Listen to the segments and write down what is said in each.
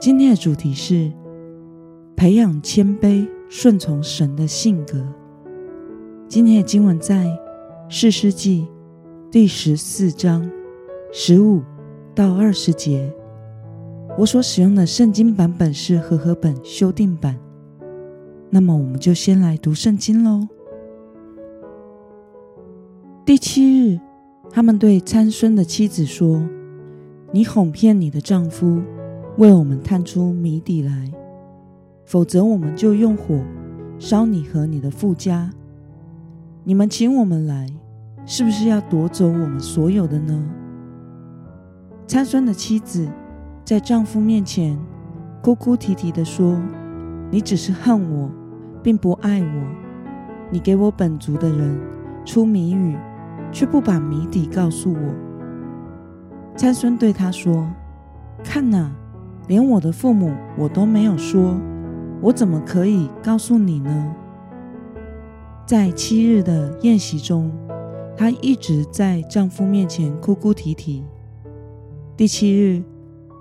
今天的主題是培養謙卑順從神的性格。今天的經文在士師記第十四章十五到二十節。我所使用的聖經版本是和合本修訂版。那麼，我們就先來讀聖經嘍。第七日，他們對參孫的妻子說：“你哄騙你的丈夫。”為我們探出謎底來，否則我們就用火燒你和你的父家。你們請我們來，是不是要奪走我們所有的呢？參孫的妻子在丈夫面前哭哭啼啼地說：“你只是恨我，並不愛我。你給我本族的人出謎語，卻不把謎底告訴我。”參孫對她說：“看哪。”連我的父母，我都沒有說，我怎麼可以告訴你呢？在七日的宴席中，她一直在丈夫面前哭哭啼啼。第七日，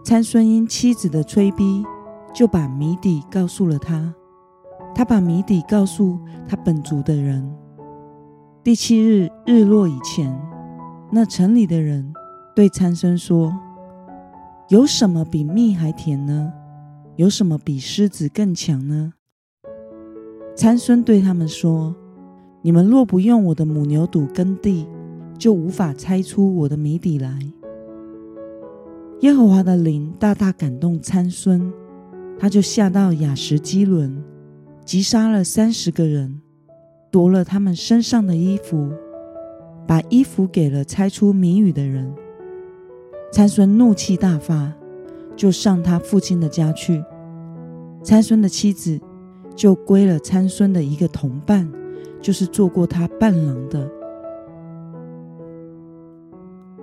參孫因妻子的催逼，就把謎底告訴了他。他把謎底告訴他本族的人。第七日日落以前，那城裡的人對參孫說。有什麼比蜜還甜呢？有什麼比獅子更強呢？參孫對他們說：“你們若不用我的母牛犢耕地，就無法猜出我的謎底來。”耶和華的靈大大感動參孫，他就下到亞實基倫，擊殺了三十個人，奪了他們身上的衣服，把衣服給了猜出謎語的人。參孫怒氣大發，就上他父親的家去。參孫的妻子就歸了參孫的一個同伴，就是做過他伴郎的。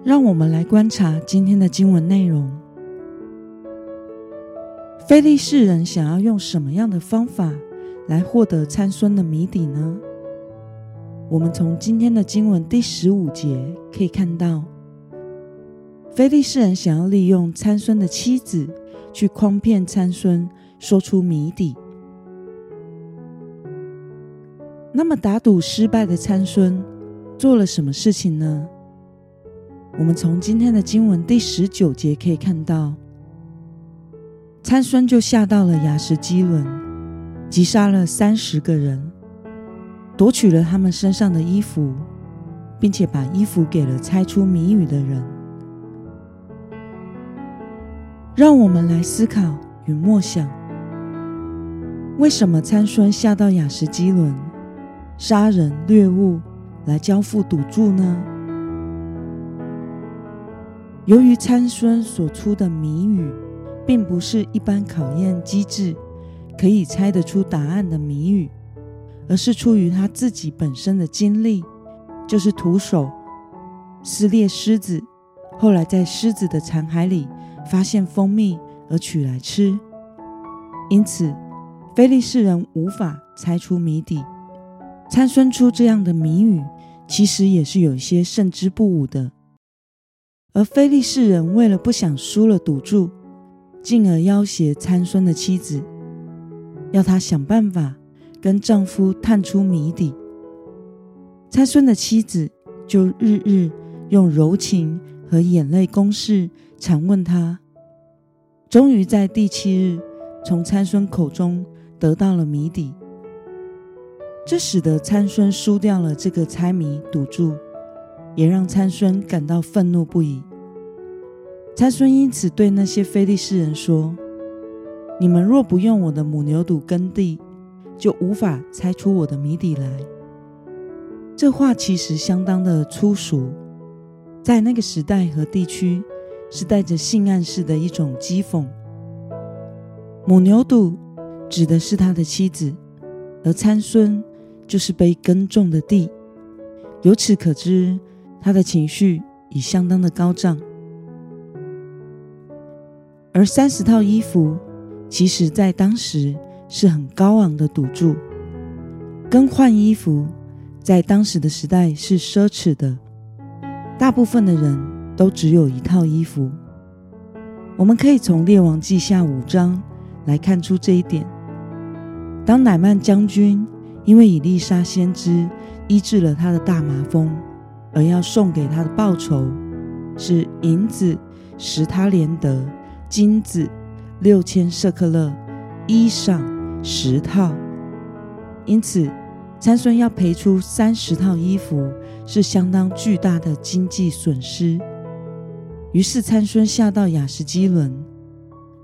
讓我們來觀察今天的經文內容。非利士人想要用什麼樣的方法來獲得參孫的謎底呢？我們從今天的經文第十五節可以看到。非利士人想要利用參孫的妻子去誆騙參孫說出謎底。那麼打賭失敗的參孫做了什麼事情呢？我們從今天的經文第十九節可以看到，參孫就下到了亞實基倫，擊殺了三十個人，奪取了他們身上的衣服，並且把衣服給了猜出謎語的人。讓我們來思考與默想：為什麼參孫下到亞實基倫，殺人掠物來交付賭注呢？由於參孫所出的謎語，並不是一般考驗機智可以猜得出答案的謎語，而是出於他自己本身的經歷，就是徒手撕裂獅子，後來在獅子的殘骸裡。發現蜂蜜而取來吃，因此非利士人無法猜出謎底。參孫出這樣的謎語，其實也是有些勝之不武的。而非利士人為了不想輸了賭注，進而要挾參孫的妻子，要她想辦法跟丈夫探出謎底。參孫的妻子就日日用柔情。和眼淚攻勢纏問他。終於在第七日，從參孫口中得到了謎底，這使得參孫輸掉了這個猜謎賭注，也讓參孫感到憤怒不已。參孫因此對那些非利士人說：“你們若不用我的母牛犢耕地，就無法猜出我的謎底來。”這話其實相當的粗俗。在那個時代和地區，是帶着性暗示的一種譏諷。母牛犢指的是他的妻子，而參孫就是被耕種的地。由此可知，他的情緒已相當的高漲。而三十套衣服，其實在當時是很高昂的賭注。更換衣服，在當時的時代是奢侈的。大部分的人都只有一套衣服。我們可以從《列王記下》五章來看出這一點。當乃縵將軍因為以利沙先知醫治了他的大麻風，而要送給他的報酬是銀子十他連得、金子六千舍客勒、衣裳十套。因此。參孫要賠出三十套衣服，是相當巨大的經濟損失。於是參孫下到亞實基倫，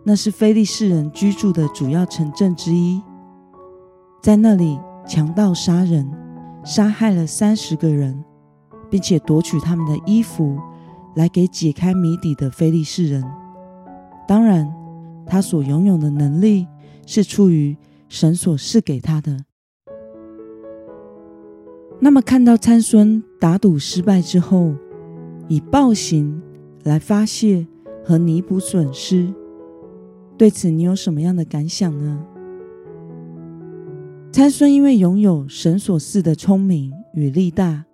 那是非利士人居住的主要城鎮之一。在那裡，強盜殺人，殺害了三十個人，並且奪取他們的衣服，來給解開謎底的非利士人。當然，他所擁有的能力是出於神所賜給他的。那麼看到參孫打賭失敗之後，以暴行來發洩和彌補損失，對此你有什麼樣的感想呢？參孫因為擁有神所賜的聰明與力大，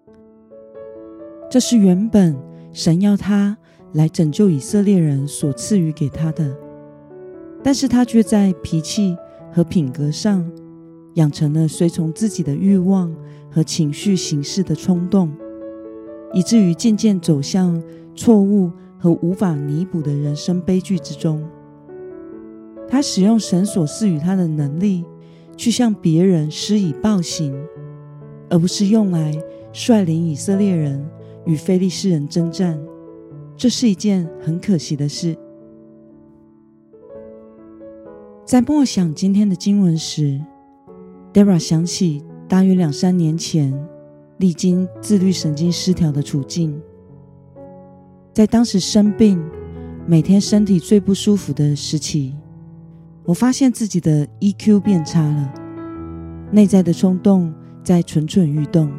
這是原本神要他來拯救以色列人所賜予給他的，但是他卻在脾氣和品格上。養成了隨從自己的慾望和情緒行事的衝動，以至於漸漸走向錯誤和無法彌補的人生悲劇之中。他使用神所賜予他的能力去向別人施以暴行，而不是用來率領以色列人與非利士人征戰。這是一件很可惜的事。在默想今天的經文時，Deborah 想起大約兩三年前，歷經自律神經失調的處境，在當時生病、每天身體最不舒服的時期，我發現自己的 EQ 變差了，內在的衝動在蠢蠢欲動。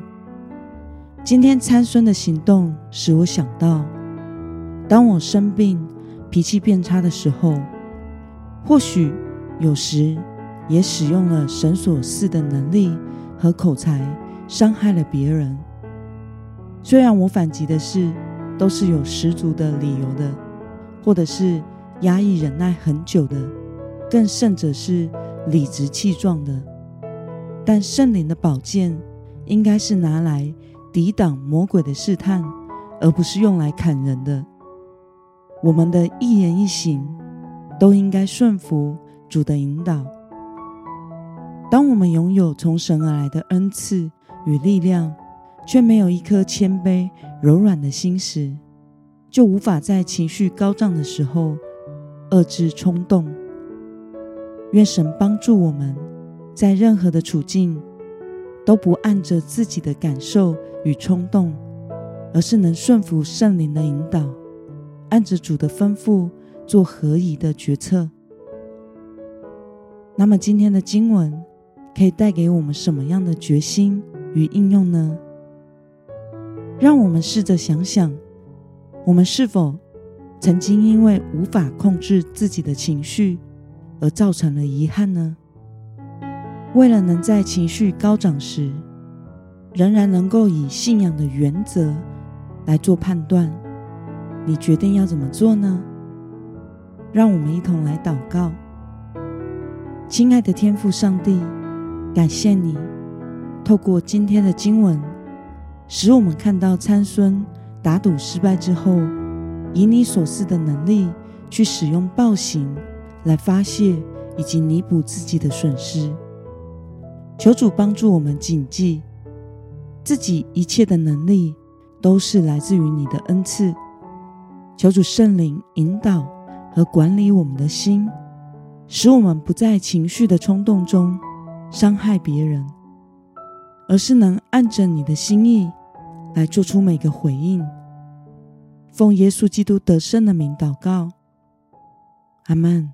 今天參孫的行動使我想到，當我生病、脾氣變差的時候，或許有時，也使用了神所賜的能力和口才，傷害了別人。雖然我反擊的事都是有十足的理由的，或者是壓抑忍耐很久的，更甚者是理直氣壯的，但聖靈的寶劍應該是拿來抵擋魔鬼的試探，而不是用來砍人的。我們的一言一行都應該順服主的引導。當我們擁有從神而來的恩賜與力量，卻沒有一顆謙卑柔軟的心時，就無法在情緒高漲的時候遏制衝動。願神幫助我們，在任何的處境都不按着自己的感受與衝動，而是能順服聖靈的引導，按着主的吩咐做合宜的決策。那麼今天的經文。可以帶給我們什麼樣的決心與應用呢？讓我們試着想想，我們是否曾經因為無法控制自己的情緒而造成了遺憾呢？為了能在情緒高漲時仍然能夠以信仰的原則來做判斷，你決定要怎麼做呢？讓我們一同來禱告，親愛的天父上帝。感謝你，透過今天的經文，使我們看到參孫打賭失敗之後，以你所賜的能力去使用暴行來發洩以及彌補自己的損失。求主幫助我們謹記，自己一切的能力都是來自於你的恩賜。求主聖靈引導和管理我們的心，使我們不在情緒的衝動中，傷害別人，而是能按着你的心意來做出每個回應。奉耶穌基督得勝的名禱告，阿門。